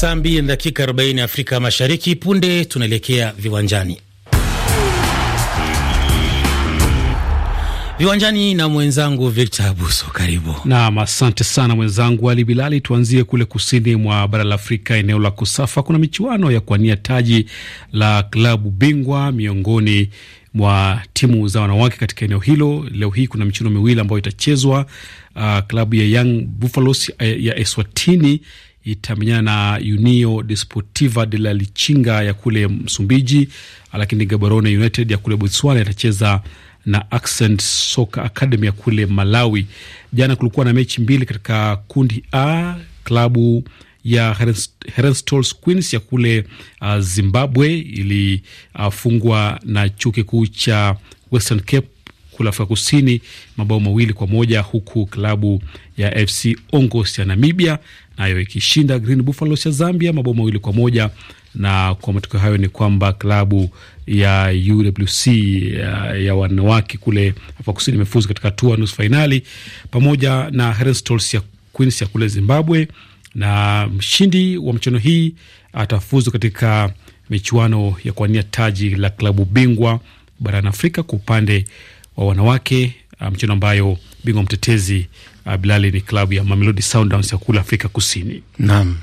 Saa mbili na dakika 40 Afrika Mashariki. Punde tunaelekea viwanjani viwanjani na mwenzangu Victor Abuso, karibu nam. Asante sana mwenzangu Ali Bilali. Tuanzie kule kusini mwa bara la Afrika, eneo la Kusafa kuna michuano ya kuania taji la klabu bingwa miongoni mwa timu za wanawake katika eneo hilo. Leo hii kuna michuano miwili ambayo itachezwa. Uh, klabu ya Young Buffaloes eh, ya Eswatini itamenyana na unio Desportiva de la Lichinga ya kule Msumbiji, lakini Gaborone United ya kule Botswana itacheza na Accent Soccer Academy ya kule Malawi. Jana kulikuwa na mechi mbili katika kundi A. Klabu ya Herentals Queens ya kule uh, Zimbabwe ilifungwa uh, na chuo kikuu cha Western Cape kule Afrika Kusini mabao mawili kwa moja huku klabu ya FC Ongos ya Namibia nayo ikishinda Green Buffaloes ya Zambia mabao mawili kwa moja na kwa matokeo hayo ni kwamba klabu ya UWC ya, eh, ya wanawake kule Afrika Kusini imefuzu katika hatua nusu fainali pamoja na Herentals ya Queens ya kule Zimbabwe, na mshindi wa mchano hii atafuzu katika michuano ya kuwania taji la klabu bingwa barani Afrika kwa upande wa wanawake, eh, mchano ambayo bingwa mtetezi uh, Bilali, ni klabu ya Mamelodi Sundowns ya kule Afrika Kusini. Naam.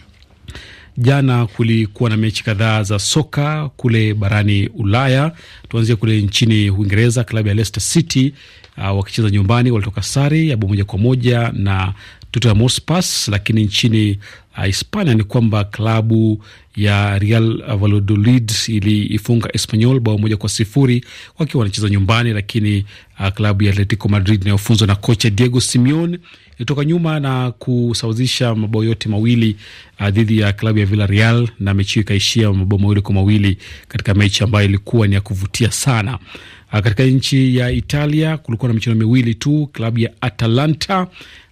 Jana kulikuwa na mechi kadhaa za soka kule barani Ulaya. Tuanzie kule nchini Uingereza, klabu ya Leicester City uh, wakicheza nyumbani walitoka sare ya bao moja kwa moja na kutoka Mospas. Lakini nchini uh, Hispania ni kwamba klabu ya Real Valladolid iliifunga Espanyol bao moja kwa sifuri wakiwa wanacheza nyumbani, lakini uh, klabu ya Atletico Madrid inayofunzwa na kocha Diego Simeone ilitoka nyuma na kusawazisha mabao yote mawili uh, dhidi ya klabu ya Villarreal na mechi hiyo ikaishia mabao mawili kwa mawili katika mechi ambayo ilikuwa ni ya kuvutia sana. Uh, katika nchi ya Italia kulikuwa na michezo miwili tu, klabu ya Atalanta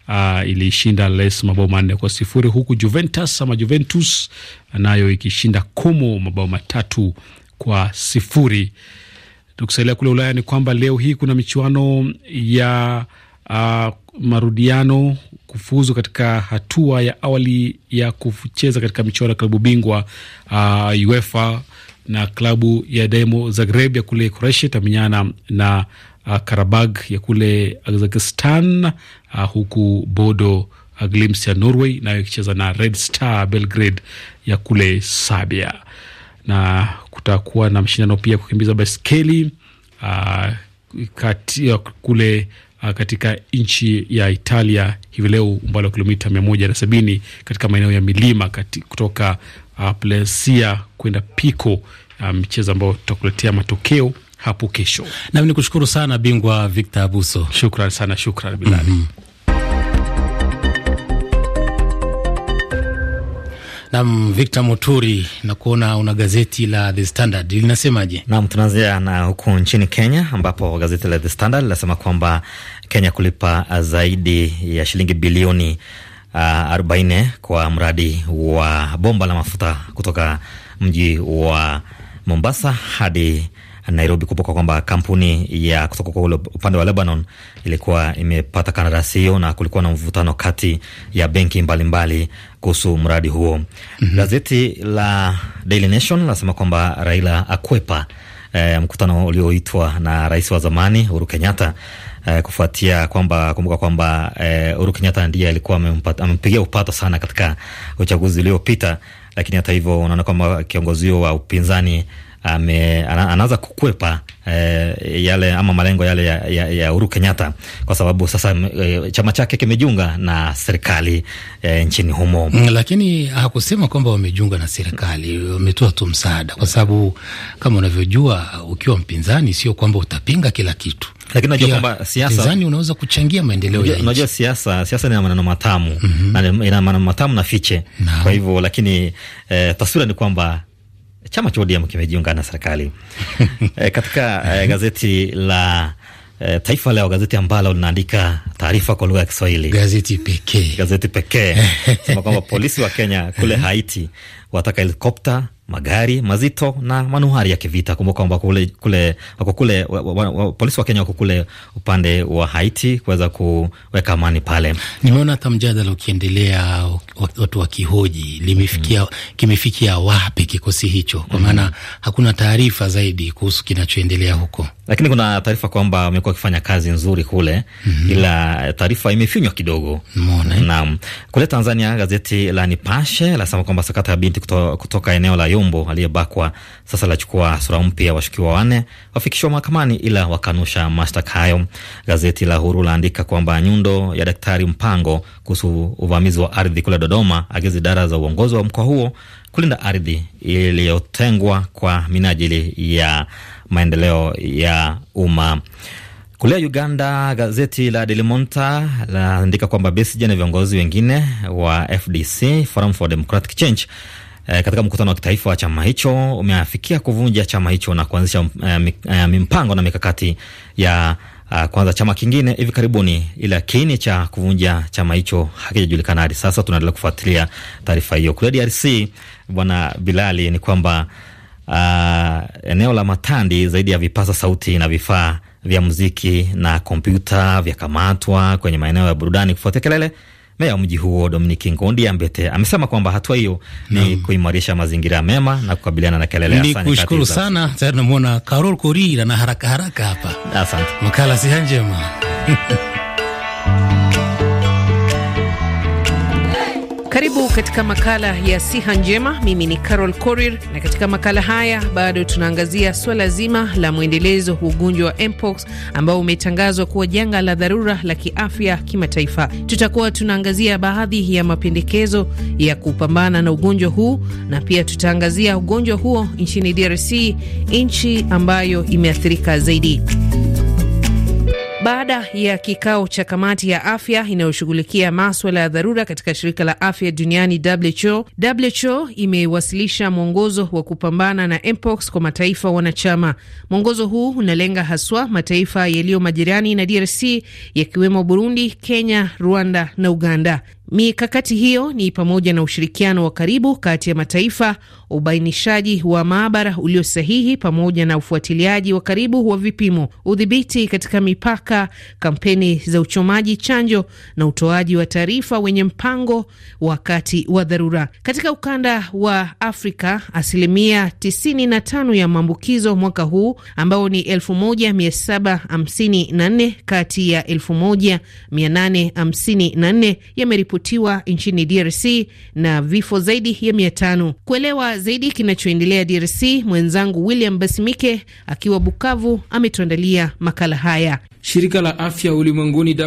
uh, ilishinda Les mabao manne kwa sifuri huku Juventus ama Juventus nayo ikishinda Como mabao matatu kwa sifuri. Tukisalia kule Ulaya ni kwamba leo hii kuna michuano ya uh, marudiano kufuzu katika hatua ya awali ya kucheza katika michuano ya klabu bingwa uh, UEFA na klabu ya Dinamo Zagreb ya kule Croatia itamenyana na uh, Karabag ya kule Kazakhstan, uh, huku Bodo uh, Glimt ya Norway nayo ikicheza na Red Star Belgrade ya kule Serbia. Na kutakuwa na mshindano pia kukimbiza baiskeli uh, kati ya kule uh, katika nchi ya Italia hivi leo, umbali wa kilomita mia moja na sabini katika maeneo ya milima kati, kutoka uh, Plesia kwenda Pico, uh, mchezo um, ambao tutakuletea matokeo hapo kesho. Nami nikushukuru sana bingwa Victor Abuso, shukran sana, shukran Bilali. mm -hmm. Nam Victor Muturi, na kuona una gazeti la The Standard linasemaje? Nam, tunaanzia na huku nchini Kenya ambapo gazeti la The Standard linasema kwamba Kenya kulipa zaidi ya shilingi bilioni uh, ah, 40 kwa mradi wa bomba la mafuta kutoka mji wa Mombasa hadi Nairobi. Kumbuka kwamba kampuni ya kutoka kwa ule upande wa Lebanon ilikuwa imepata kandarasi hiyo, na kulikuwa na mvutano kati ya benki mbalimbali kuhusu mradi huo. Mhm. Gazeti mm -hmm. la Daily Nation linasema kwamba Raila akwepa eh, mkutano ulioitwa na rais wa zamani Uhuru Kenyatta eh, kufuatia kwamba kumbuka kwamba eh, Uhuru eh, Kenyatta ndiye alikuwa amempigia upato sana katika uchaguzi uliopita, lakini hata hivyo unaona kwamba kiongozi huo wa upinzani anaanza kukwepa eh, yale ama malengo yale ya, ya, ya Uhuru Kenyatta kwa sababu sasa eh, chama chake kimejiunga na serikali eh, nchini humo mm, lakini hakusema kwamba wamejiunga na serikali, wametoa tu msaada, kwa sababu kama unavyojua ukiwa mpinzani sio kwamba utapinga kila kitu lakini najua kwamba siasa unaweza kuchangia maendeleo ya nchi. Unajua siasa, siasa ni maneno matamu mm -hmm. na ina maneno matamu na fiche na. Kwa hivyo lakini eh, taswira ni kwamba chama cha ODM kimejiunga na serikali e, katika e, gazeti la e, Taifa Leo, gazeti ambalo linaandika taarifa kwa lugha ya Kiswahili, gazeti pekee, gazeti pekee sema kwamba polisi wa Kenya kule Haiti wataka helikopta magari mazito na manuhari ya kivita. Kumbuka kwamba kule, kule, kule, polisi wa Kenya wako kule upande wa Haiti kuweza kuweka amani pale. Nimeona hata mjadala ukiendelea, watu wakihoji limefikia mm. kimefikia wapi kikosi hicho, kwa mm-hmm. maana mm. hakuna taarifa zaidi kuhusu kinachoendelea huko lakini kuna taarifa kwamba wamekuwa wakifanya kazi nzuri kule mm -hmm. Ila taarifa imefinywa kidogo. Eh? Naam, kule Tanzania gazeti la Nipashe lasema kwamba sakata ya binti kuto, kutoka eneo la Yumbo aliyebakwa sasa lachukua sura mpya. Washukiwa wanne wafikishwa mahakamani, ila wakanusha mashtaka hayo. Gazeti la Huru laandika kwamba nyundo ya Daktari Mpango kuhusu uvamizi wa ardhi kule Dodoma agiza idara za uongozi wa mkoa huo kulinda ardhi iliyotengwa kwa minajili ya maendeleo ya umma. Kule Uganda, gazeti la Daily Monitor laandika kwamba Besigye na viongozi wengine wa FDC, Forum for Democratic Change E, katika mkutano wa kitaifa wa chama hicho umeafikia kuvunja chama hicho na kuanzisha e, eh, eh, mpango na mikakati ya Ah, kwanza chama kingine hivi karibuni, ila kiini cha kuvunja chama hicho hakijajulikana hadi sasa. Tunaendelea kufuatilia taarifa hiyo. Kule DRC, Bwana Bilali, ni kwamba uh, eneo la Matandi, zaidi ya vipasa sauti na vifaa vya muziki na kompyuta vyakamatwa kwenye maeneo ya burudani kufuatia kelele Meya wa mji huo dominik ngondi Ambete amesema kwamba hatua hiyo ni kuimarisha mazingira mema na kukabiliana na kelele. Ni kushukuru sana, tayari namwona Karol Korira na haraka haraka hapa. Asante, makala siha njema Karibu katika makala ya siha njema. Mimi ni Carol Korir, na katika makala haya bado tunaangazia swala zima la mwendelezo wa ugonjwa wa mpox ambao umetangazwa kuwa janga la dharura la kiafya kimataifa. Tutakuwa tunaangazia baadhi ya mapendekezo ya kupambana na ugonjwa huu na pia tutaangazia ugonjwa huo nchini DRC, nchi ambayo imeathirika zaidi. Baada ya kikao cha kamati ya afya inayoshughulikia maswala ya dharura katika shirika la afya duniani WHO, WHO imewasilisha mwongozo wa kupambana na mpox kwa mataifa wanachama. Mwongozo huu unalenga haswa mataifa yaliyo majirani na DRC yakiwemo Burundi, Kenya, Rwanda na Uganda. Mikakati hiyo ni pamoja na ushirikiano wa karibu kati ya mataifa, ubainishaji wa maabara ulio sahihi, pamoja na ufuatiliaji wa karibu wa vipimo, udhibiti katika mipaka, kampeni za uchomaji chanjo na utoaji wa taarifa wenye mpango wakati wa dharura. Katika ukanda wa Afrika, asilimia 95 ya maambukizo mwaka huu ambao ni 1754 kati ya 1854 yameripotiwa kuripotiwa nchini DRC na vifo zaidi ya mia tano. Kuelewa zaidi kinachoendelea DRC, mwenzangu William Basimike akiwa Bukavu ametuandalia makala haya. Shirika la afya ulimwenguni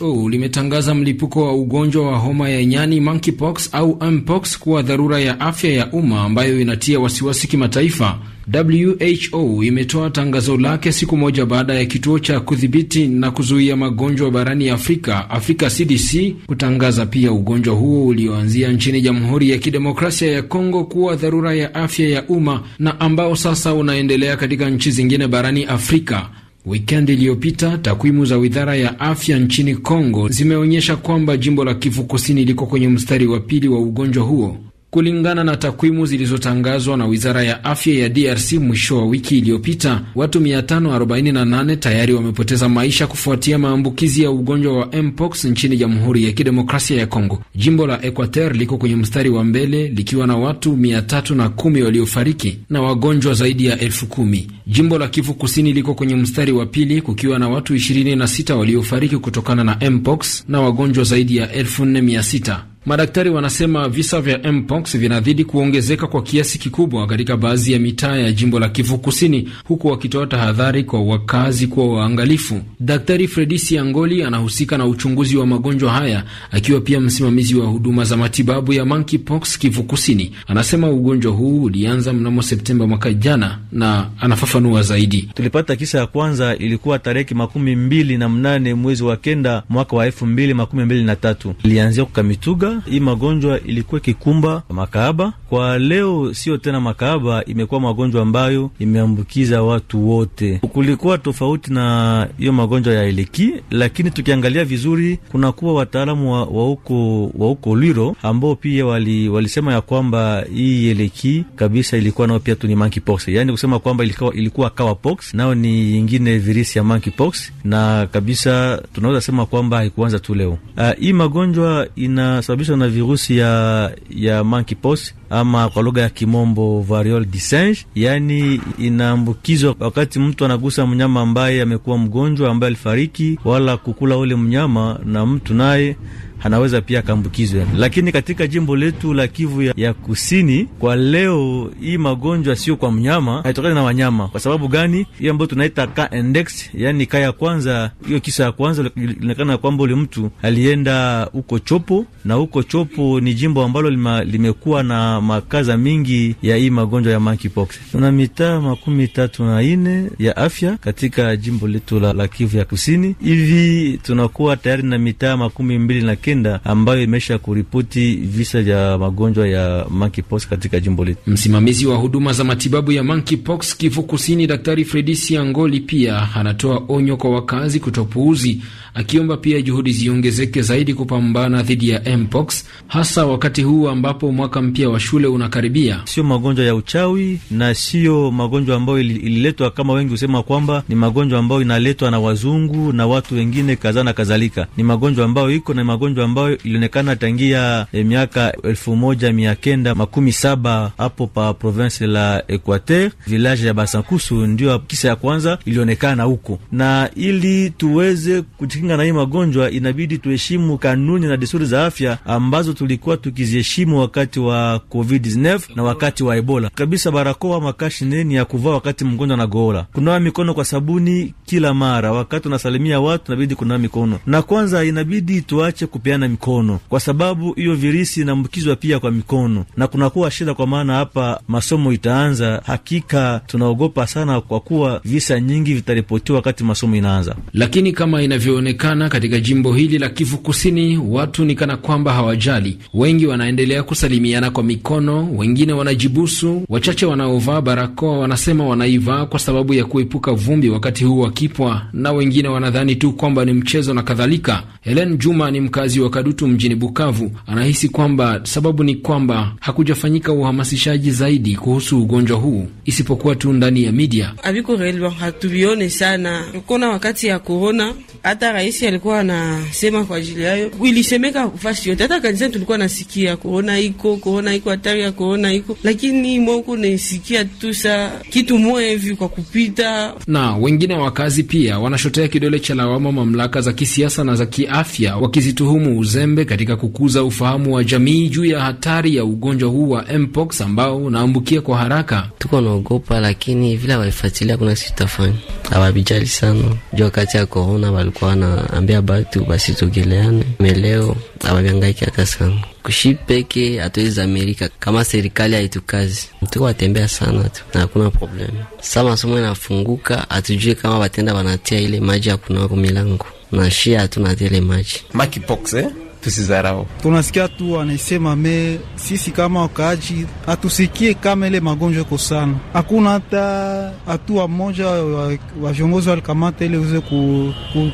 WHO limetangaza mlipuko wa ugonjwa wa homa ya nyani monkeypox au mpox kuwa dharura ya afya ya umma ambayo inatia wasiwasi kimataifa. WHO imetoa tangazo lake siku moja baada ya kituo cha kudhibiti na kuzuia magonjwa barani Afrika, Afrika CDC, kutangaza pia ugonjwa huo ulioanzia nchini Jamhuri ya Kidemokrasia ya Kongo kuwa dharura ya afya ya umma na ambao sasa unaendelea katika nchi zingine barani Afrika. Wikendi iliyopita takwimu za wizara ya afya nchini Kongo zimeonyesha kwamba jimbo la Kivu Kusini liko kwenye mstari wa pili wa ugonjwa huo Kulingana na takwimu zilizotangazwa na wizara ya afya ya DRC mwisho wa wiki iliyopita, watu 548 tayari wamepoteza maisha kufuatia maambukizi ya ugonjwa wa mpox nchini Jamhuri ya Kidemokrasia ya Kongo. Jimbo la Equateur liko kwenye mstari wa mbele likiwa na watu 310 waliofariki na wagonjwa zaidi ya elfu kumi. Jimbo la Kivu Kusini liko kwenye mstari wa pili kukiwa na watu 26 waliofariki kutokana na mpox na wagonjwa zaidi ya elfu nne mia sita. Madaktari wanasema visa vya mpox vinazidi kuongezeka kwa kiasi kikubwa katika baadhi ya mitaa ya jimbo la Kivu Kusini, huku wakitoa tahadhari kwa wakazi kuwa waangalifu. Daktari Fredisi Angoli anahusika na uchunguzi wa magonjwa haya akiwa pia msimamizi wa huduma za matibabu ya monkeypox Kivu Kusini. Anasema ugonjwa huu ulianza mnamo Septemba mwaka jana na anafafanua zaidi. Tulipata kisa ya kwanza ilikuwa tarehe makumi mbili na mnane mwezi wa kenda mwaka wa elfu mbili makumi mbili na tatu ilianzia kukamituga hii magonjwa ilikuwa ikikumba makaaba kwa leo sio tena makaaba imekuwa magonjwa ambayo imeambukiza watu wote. Kulikuwa tofauti na hiyo magonjwa ya eleki, lakini tukiangalia vizuri, kunakuwa wataalamu wa huko wa huko Lwiro ambao pia wali, walisema ya kwamba hii eleki kabisa ilikuwa nao pia tu ni monkeypox, yaani kusema kwamba ilikuwa, ilikuwa cowpox nao ni ingine virusi ya monkeypox, na kabisa tunaweza sema kwamba haikuanza tu leo. Uh, hii magonjwa inasababishwa na virusi ya, ya monkeypox ama kwa lugha ya kimombo variole du singe, yani inaambukizwa wakati mtu anagusa mnyama ambaye amekuwa mgonjwa ambaye alifariki, wala kukula ule mnyama na mtu naye anaweza pia akaambukizwa. Lakini katika jimbo letu la Kivu ya, ya kusini kwa leo hii magonjwa sio kwa mnyama, haitokani na wanyama. Kwa sababu gani? hiyo ambayo tunaita ka index, yani ka ya kwanza, hiyo kisa ya kwanza ilionekana kwamba ule mtu alienda huko Chopo, na huko Chopo ni jimbo ambalo lima, limekuwa na makaza mingi ya hii magonjwa ya monkeypox. Tuna mitaa makumi tatu na ine ya afya katika jimbo letu la, la Kivu ya kusini. Hivi tunakuwa tayari na mitaa makumi mbili na kenda ambayo imesha kuripoti visa vya magonjwa ya monkeypox katika jimbo letu. Msimamizi wa huduma za matibabu ya monkeypox Kivu Kusini, Daktari Fredi Siangoli, pia anatoa onyo kwa wakazi kutopuuzi, akiomba pia juhudi ziongezeke zaidi kupambana dhidi ya mpox, hasa wakati huu ambapo mwaka mpya wa shule unakaribia. Sio magonjwa ya uchawi na sio magonjwa ambayo ililetwa kama wengi husema kwamba ni magonjwa ambayo inaletwa na wazungu na watu wengine kadhaa na kadhalika. Ni magonjwa ambayo iko na magonjwa magonjwa ambayo ilionekana tangia e, miaka elfu moja mia kenda makumi saba hapo pa province la Equateur village ya Basankusu ndio kisa ya kwanza ilionekana huko, na ili tuweze kujikinga na hii magonjwa inabidi tuheshimu kanuni na desturi za afya ambazo tulikuwa tukiziheshimu wakati wa COVID-19 na wakati wa Ebola. Kabisa barakoa makashi neni ya kuvaa wakati mgonjwa anagoora, kunawa mikono kwa sabuni kila mara, wakati unasalimia watu inabidi kunawa mikono, na kwanza inabidi tuache kupeana mikono, kwa sababu hiyo virusi inaambukizwa pia kwa mikono, na kunakuwa shida, kwa maana hapa masomo itaanza. Hakika tunaogopa sana, kwa kuwa visa nyingi vitaripotiwa wakati masomo inaanza. Lakini kama inavyoonekana katika jimbo hili la Kivu Kusini, watu ni kana kwamba hawajali, wengi wanaendelea kusalimiana kwa mikono, wengine wanajibusu. Wachache wanaovaa barakoa wanasema wanaivaa kwa sababu ya kuepuka vumbi wakati huu wakipwa, na wengine wanadhani tu kwamba ni mchezo na kadhalika. Helen Juma ni mkazi mkazi wa Kadutu mjini Bukavu anahisi kwamba sababu ni kwamba hakujafanyika uhamasishaji zaidi kuhusu ugonjwa huu isipokuwa tu ndani ya midia aviko Abikorelwa hatuvione sana kona wakati ya korona, hata rais alikuwa anasema kwa ajili yayo, ilisemeka fasi yote, hata kanisani tulikuwa nasikia korona iko, korona iko, hatari ya korona iko, lakini moko naisikia tu sa kitu moja hivi kwa kupita. Na wengine wakazi pia wanashotea kidole cha lawama mamlaka za kisiasa na za kiafya wakizituhumu umuhimu uzembe katika kukuza ufahamu wa jamii juu ya hatari ya ugonjwa huu wa mpox ambao unaambukia kwa haraka. Tuko naogopa, lakini vile waifuatilia kuna sisi tutafanya hawavijali sana juu wakati ya korona walikuwa wanaambia batu basitogeleane, meleo hawavyangaiki hata sana kushi peke hatuwezi Amerika kama serikali haitukazi, tuko watembea sana tu na hakuna problemu. Saa masomo inafunguka, hatujue kama watenda wanatia ile maji ya kunawa milango mashia hatuna zile maji makipox eh? Tusizarau, tunasikia tu anasema me, sisi kama wakaaji hatusikie kama ile magonjwa iko sana. Hakuna hata hatua moja wa viongozi walikamata ile uze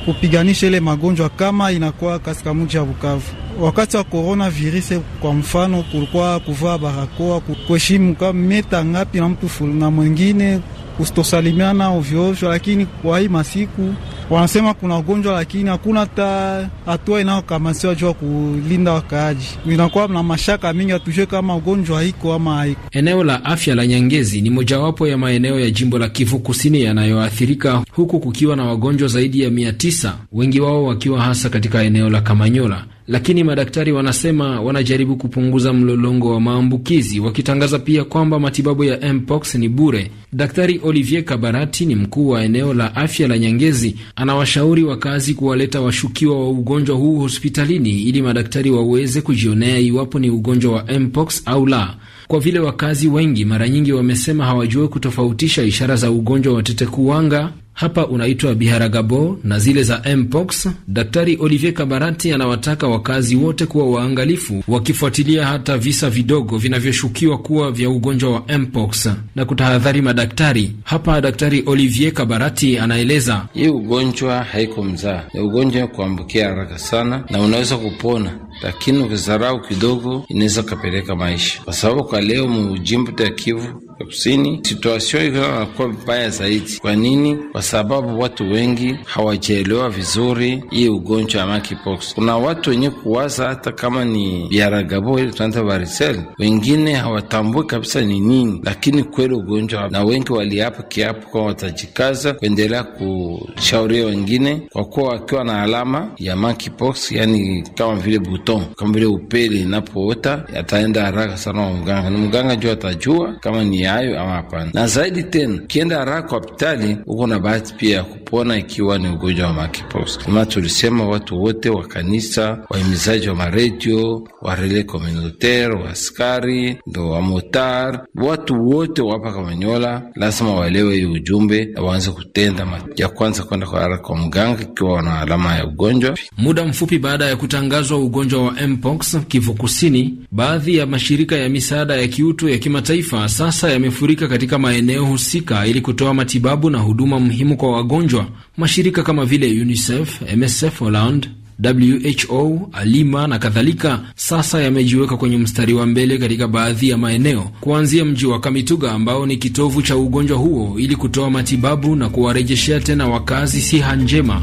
kupiganisha ile magonjwa kama inakuwa katika mji ya Bukavu wakati wa coronavirus, kwa mfano, kulikuwa kuvaa barakoa, kuheshimu meta ngapi na mtu na mwingine, kustosalimiana ovyoovyo. Lakini kwa hii masiku wanasema kuna ugonjwa, lakini hakuna hata hatua inayokamasiwa juu ya kulinda wakaaji. Inakuwa na mashaka mingi, hatujue kama ugonjwa iko ama haiko. Eneo la afya la Nyangezi ni mojawapo ya maeneo ya jimbo la Kivu Kusini yanayoathirika, huku kukiwa na wagonjwa zaidi ya mia tisa, wengi wao wakiwa hasa katika eneo la Kamanyola lakini madaktari wanasema wanajaribu kupunguza mlolongo wa maambukizi, wakitangaza pia kwamba matibabu ya mpox ni bure. Daktari Olivier Kabarati ni mkuu wa eneo la afya la Nyangezi, anawashauri wakazi kuwaleta washukiwa wa ugonjwa huu hospitalini ili madaktari waweze kujionea iwapo ni ugonjwa wa mpox au la kwa vile wakazi wengi mara nyingi wamesema hawajui kutofautisha ishara za ugonjwa wa tete kuwanga hapa unaitwa biharagabo na zile za mpox. Daktari Olivier Kabarati anawataka wakazi wote kuwa waangalifu, wakifuatilia hata visa vidogo vinavyoshukiwa kuwa vya ugonjwa wa mpox na kutahadhari madaktari. Hapa Daktari Olivier Kabarati anaeleza hii ugonjwa haiko mzaa, ni ugonjwa kuambukia haraka sana na unaweza kupona lakini ukizarau kidogo inaweza kapeleka maisha, kwa sababu kwa leo mujimbo ta Kivu ya Kusini situasio hivyo inakuwa vibaya zaidi. Kwa nini? Kwa sababu watu wengi hawajaelewa vizuri hii ugonjwa ya monkeypox. Kuna watu wenye kuwaza hata kama ni biaragabo ile tunaita varisel, wengine hawatambui kabisa ni nini, lakini kweli ugonjwa, na wengi waliapa kiapo kama watajikaza kuendelea kushauria wengine, kwa kuwa wakiwa na alama ya monkeypox, yani kama vile buti mtoto kama vile upele inapoota, ataenda haraka sana wa mganga, na mganga juu atajua kama ni hayo ama hapana. Na zaidi tena, ukienda haraka kwa hospitali, uko na bahati pia ya kupona ikiwa ni ugonjwa wa makipos. Kama tulisema, watu wote wa kanisa, wahimizaji wa maredio, wa rele communautaire, wa askari, ndo wa motar, watu wote wapa Kamanyola lazima waelewe hiyo ujumbe, waanze kutenda ya kwanza kwenda kwa haraka kwa mganga ikiwa wana alama ya ugonjwa. Muda mfupi baada ya kutangazwa ugonjwa ugonjwa wa mpox Kivu Kusini, baadhi ya mashirika ya misaada ya kiutu ya kimataifa sasa yamefurika katika maeneo husika ili kutoa matibabu na huduma muhimu kwa wagonjwa. Mashirika kama vile UNICEF, MSF Holland, WHO, Alima na kadhalika sasa yamejiweka kwenye mstari wa mbele katika baadhi ya maeneo kuanzia mji wa Kamituga ambao ni kitovu cha ugonjwa huo ili kutoa matibabu na kuwarejeshea tena wakazi siha njema.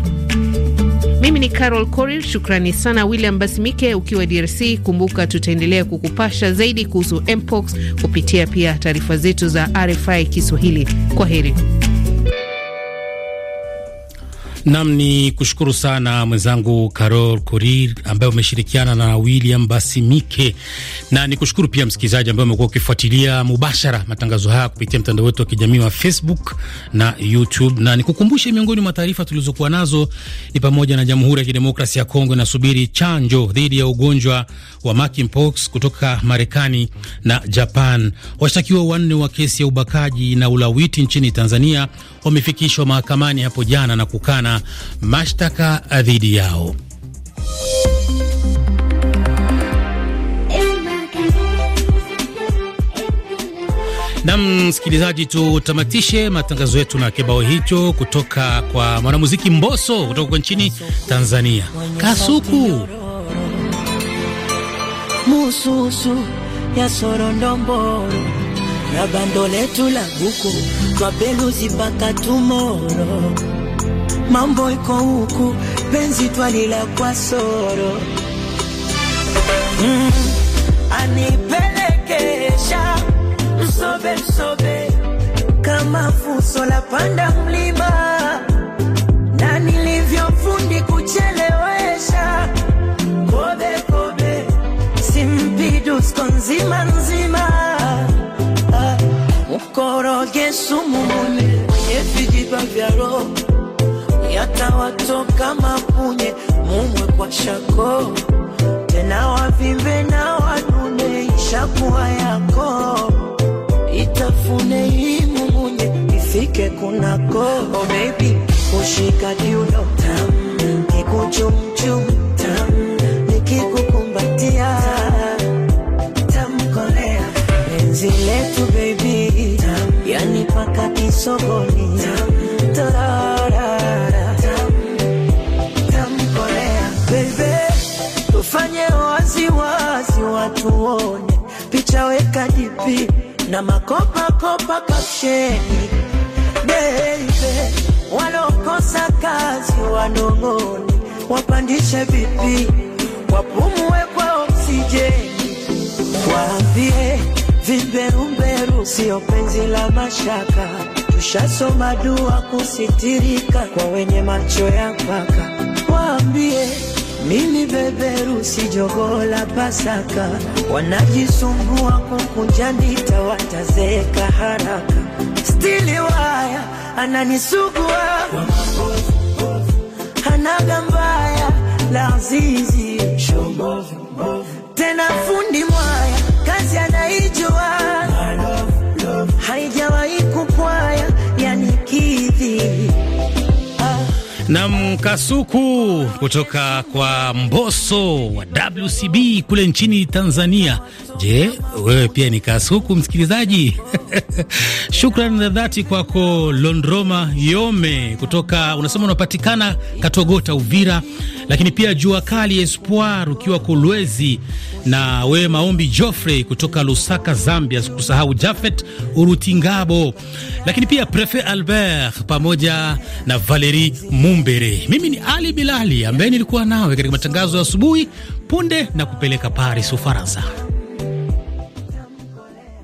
Mimi ni Carol Coril. Shukrani sana William Basimike ukiwa DRC. Kumbuka tutaendelea kukupasha zaidi kuhusu mpox kupitia pia taarifa zetu za RFI Kiswahili. Kwa heri. Nam ni kushukuru sana mwenzangu Carol Kurir ambaye umeshirikiana na William Basimike, na ni kushukuru pia msikilizaji ambaye umekuwa ukifuatilia mubashara matangazo haya kupitia mtandao wetu wa kijamii wa Facebook na YouTube, na nikukumbushe miongoni mwa taarifa tulizokuwa nazo ni pamoja na Jamhuri ya Kidemokrasia ya Kongo inasubiri chanjo dhidi ya ugonjwa wa monkeypox kutoka Marekani na Japan. Washtakiwa wanne wa kesi ya ubakaji na ulawiti nchini Tanzania wamefikishwa mahakamani hapo jana na kukana mashtaka dhidi yao. Nam msikilizaji, tutamatishe matangazo yetu na kibao hicho kutoka kwa mwanamuziki mboso kutoka kwa nchini Tanzania, Kasuku mususu ya sorondomboro na bando letu la buku twapeluzi baka tumoro mambo iko huku penzi twalila kwa soro mm, anipelekesha msobe msobe kama fuso la panda mlima Yesu mumune mwenye vijiba vya roho yatawatoka mapunye mumwe kwa shako tena wavimbe na wanune ishakuwa yako itafune hii mumunye ifike kunako oh baby kushika diuno tamu kikuchumchu sokoni Baby, tufanye wazi wazi, watu wone picha, weka jipi na makopa kopa kapsheni. Baby, walokosa kazi wanongoni wapandishe vipi, wapumue kwa oksijeni, waambie Viberumberu sio penzi la mashaka, tushasoma dua kusitirika kwa wenye macho ya mpaka Waambie mimi beberu si jogola Pasaka, wanajisumbua kukunja ndita, watazeka haraka. Stili waya ananisugua hanaga mbaya la zizi tena fundi na mkasuku kutoka kwa Mboso wa WCB kule nchini Tanzania. Je, wewe pia ni kasuku msikilizaji? Shukrani za dhati kwako Londroma Yome kutoka unasema unapatikana Katogota, Uvira, lakini pia jua kali Espoir ukiwa Kolwezi, na wewe Maombi Joffrey kutoka Lusaka, Zambia, sikusahau Jafet Urutingabo, lakini pia Prefet Albert pamoja na Valerie Mumbi. Mumbere. Mimi ni Ali Bilali ambaye nilikuwa nawe katika matangazo ya asubuhi punde na kupeleka Paris, Ufaransa.